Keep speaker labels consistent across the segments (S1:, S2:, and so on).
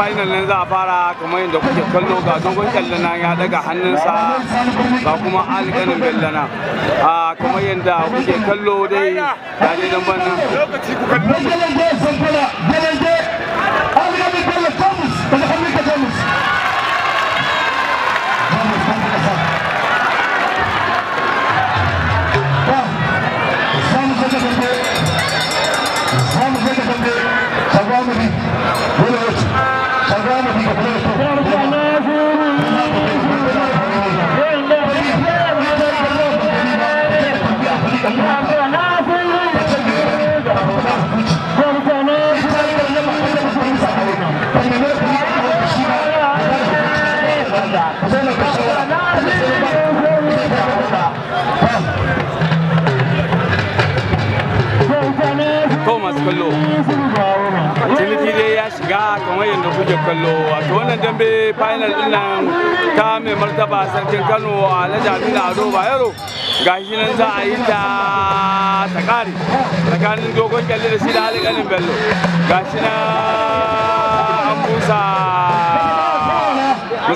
S1: final ne za a fara kamar yadda kuke kallo ga dogon kyallana ya daga hannunsa ga kuma alƙanin bellana a kamar yadda kuke kallo dai ga dai nan ban nan kallo ciniki dai ya shiga kamar yadda kuke kallo wato wannan dambe final din nan ta mai martaba sarkin kano alhaji aminu ado bayero gashi nan za a yi ta ta tsakanin dogon kyalle da shi da alƙalin bello gashi na an busa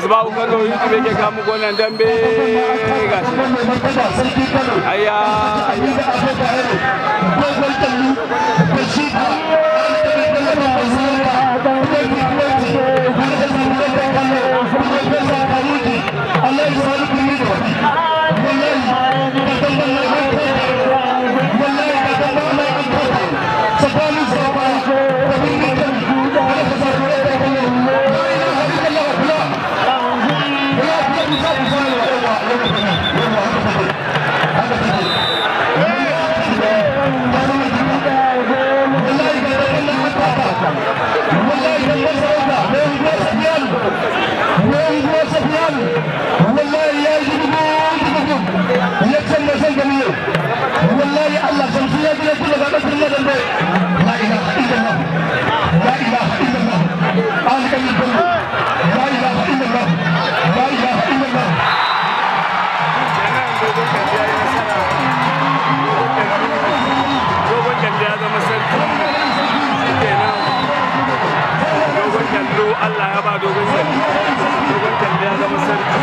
S1: musbahu kano yusuf yake kamu gonan dambe ga shi ayya ayya dogon ya zama sarki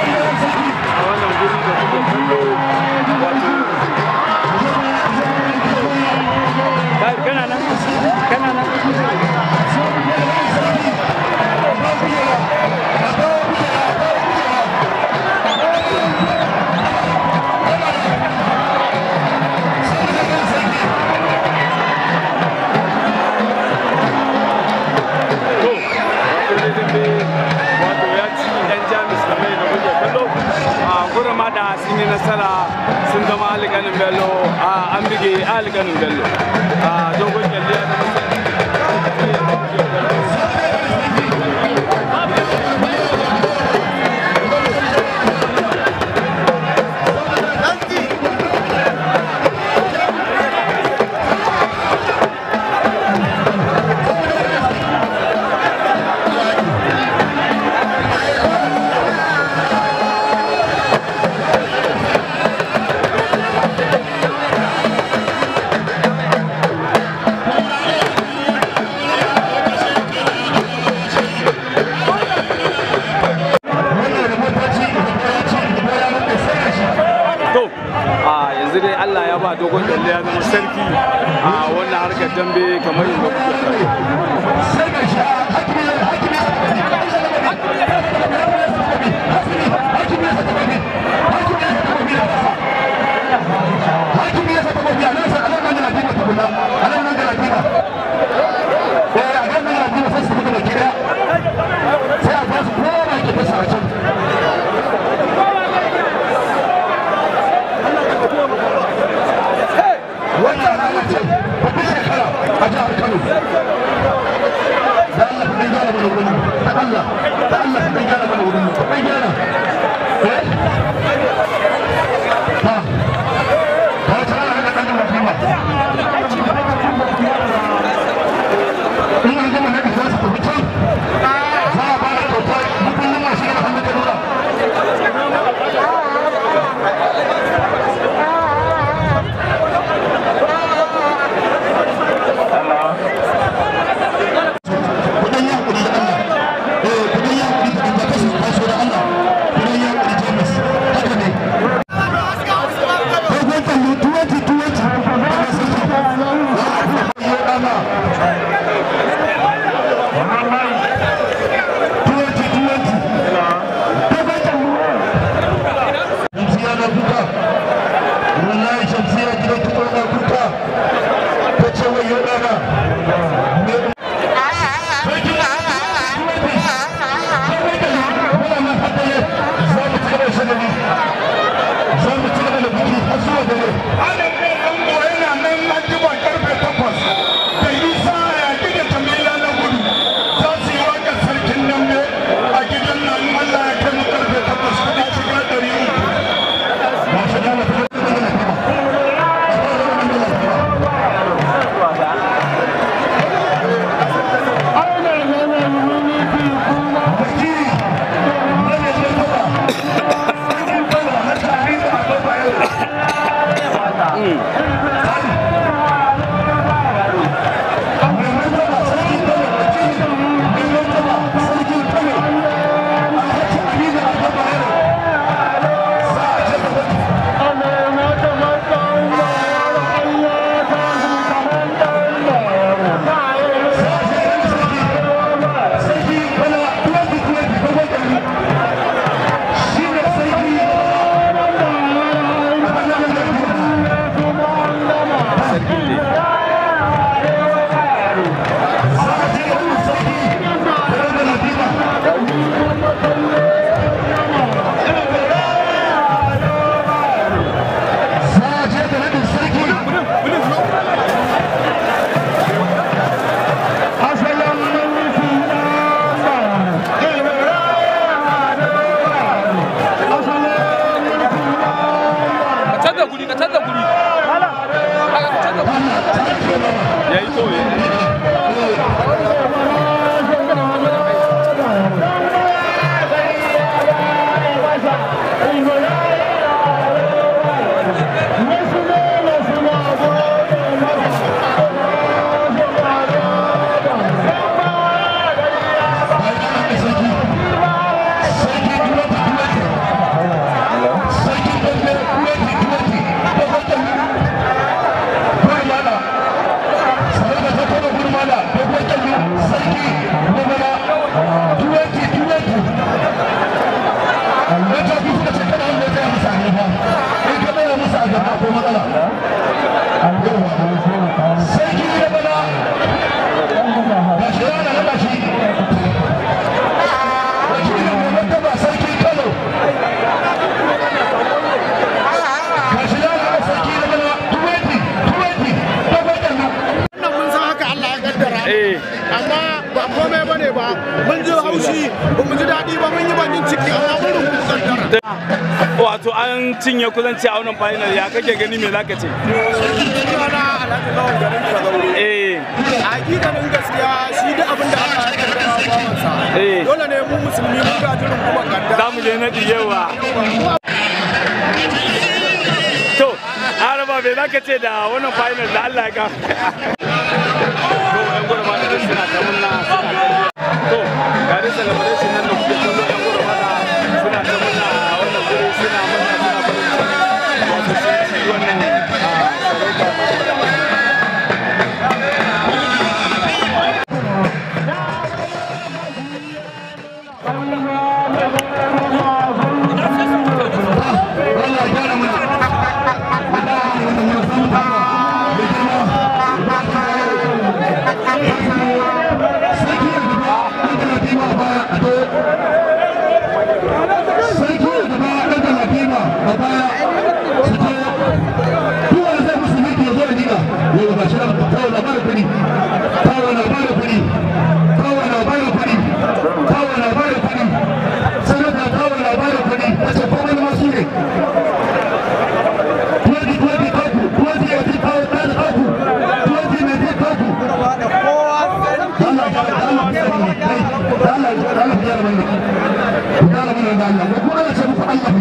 S1: hakuri. Ya yi to cinye kusanci a wannan final ya kake gani me zaka ce eh hakikanin gaskiya shi da abin da aka harkar eh. dole ne mu musulmi mu ga jirin kuma ganda za mu je na yawa to araba me zaka ce da wannan final da Allah ya ka to gari celebration nan da kuke kallo yan gurma da suna ta muna wannan guri suna muna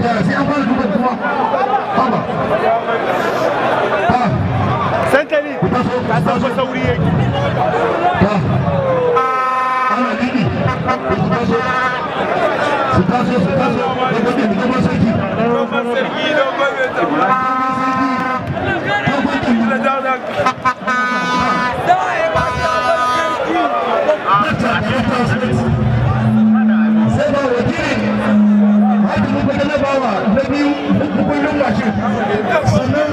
S1: gyara sai an bawa na biyu hukumin gashi sannan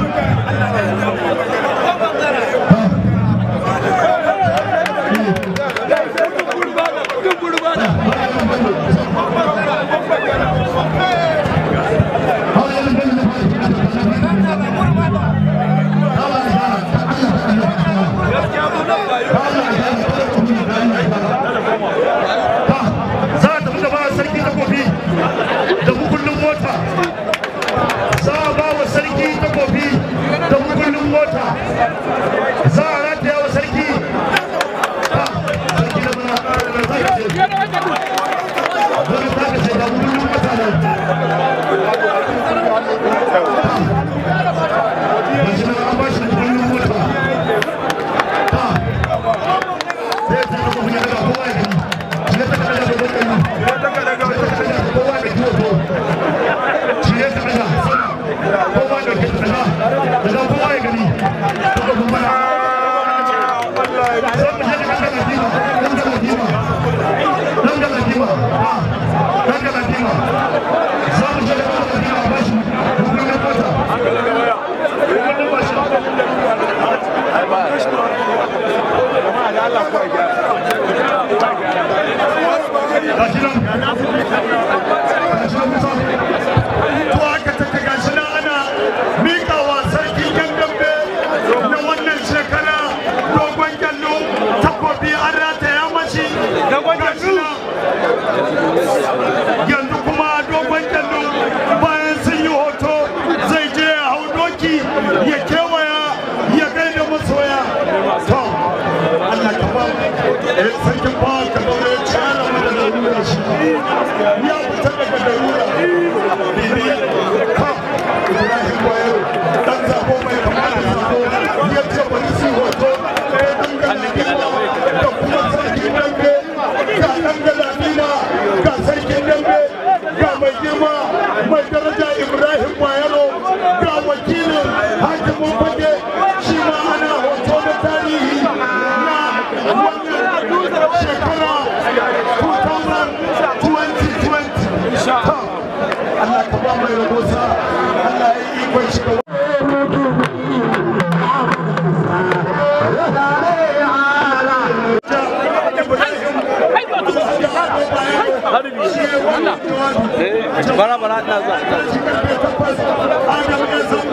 S1: 감사합니다. 네. zuwa ina zuwa na zuwa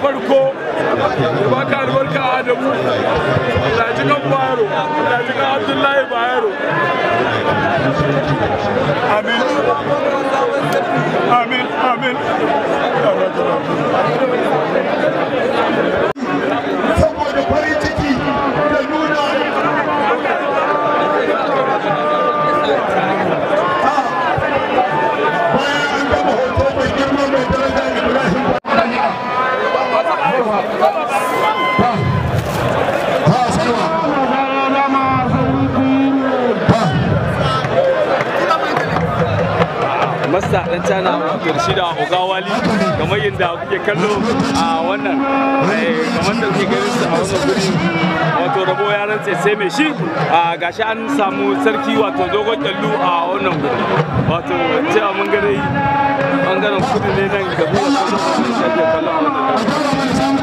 S1: farko baka albarka adamu da da abdullahi bayero amin amin amin masa dan cana da ogawali kamar yadda kuke kallo a wannan eh, kamar da kuke gani su a wannan guri wato rabo ya rantse sai mai shi gashi an samu sarki wato dogon kyallu a wannan guri wato cewa mun gare bangaren kudu ne nan da buwa kallon a wannan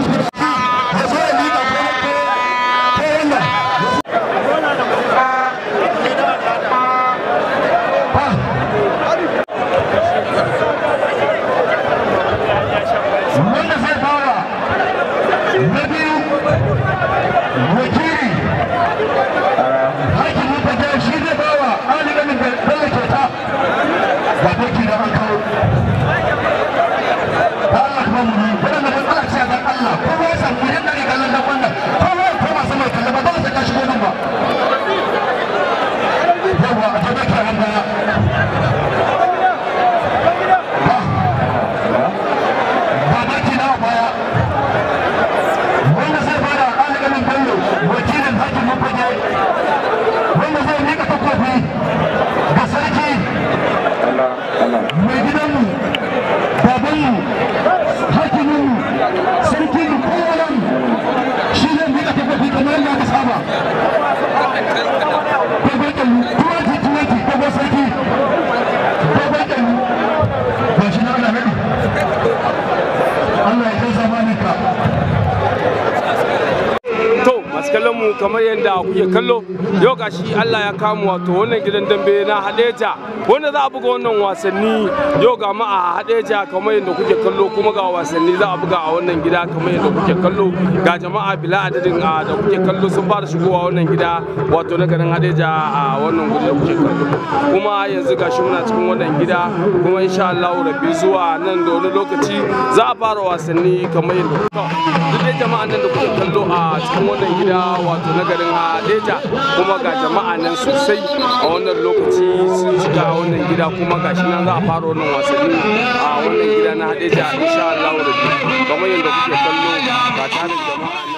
S1: Right. kallo yau gashi Allah ya kamu wato wannan gidan dambe na Hadeja wanda za a buga wannan wasanni yau ga ma a haɗeja kamar yadda kuke kallo kuma ga wasanni za a buga a wannan gida kamar yadda kuke kallo ga jama'a bila adadin ah, da kuke kallo sun fara shigowa wannan gida wato na garin haɗeja a wannan guri da kuke kallo kuma yanzu ga shi muna cikin wannan gida kuma insha Allah rabbi zuwa nan da wani lokaci za a fara wasanni kamar yadda duk dai jama'an nan da kuke kallo a cikin wannan gida wato na garin haɗeja kuma ga jama'a nan sosai a wannan lokaci sun shiga wannan gida kuma gashi nan za a fara wannan wasanni a wannan gida na hadeja insha Allah da kamar yadda kuke kallo ga tarin jama'a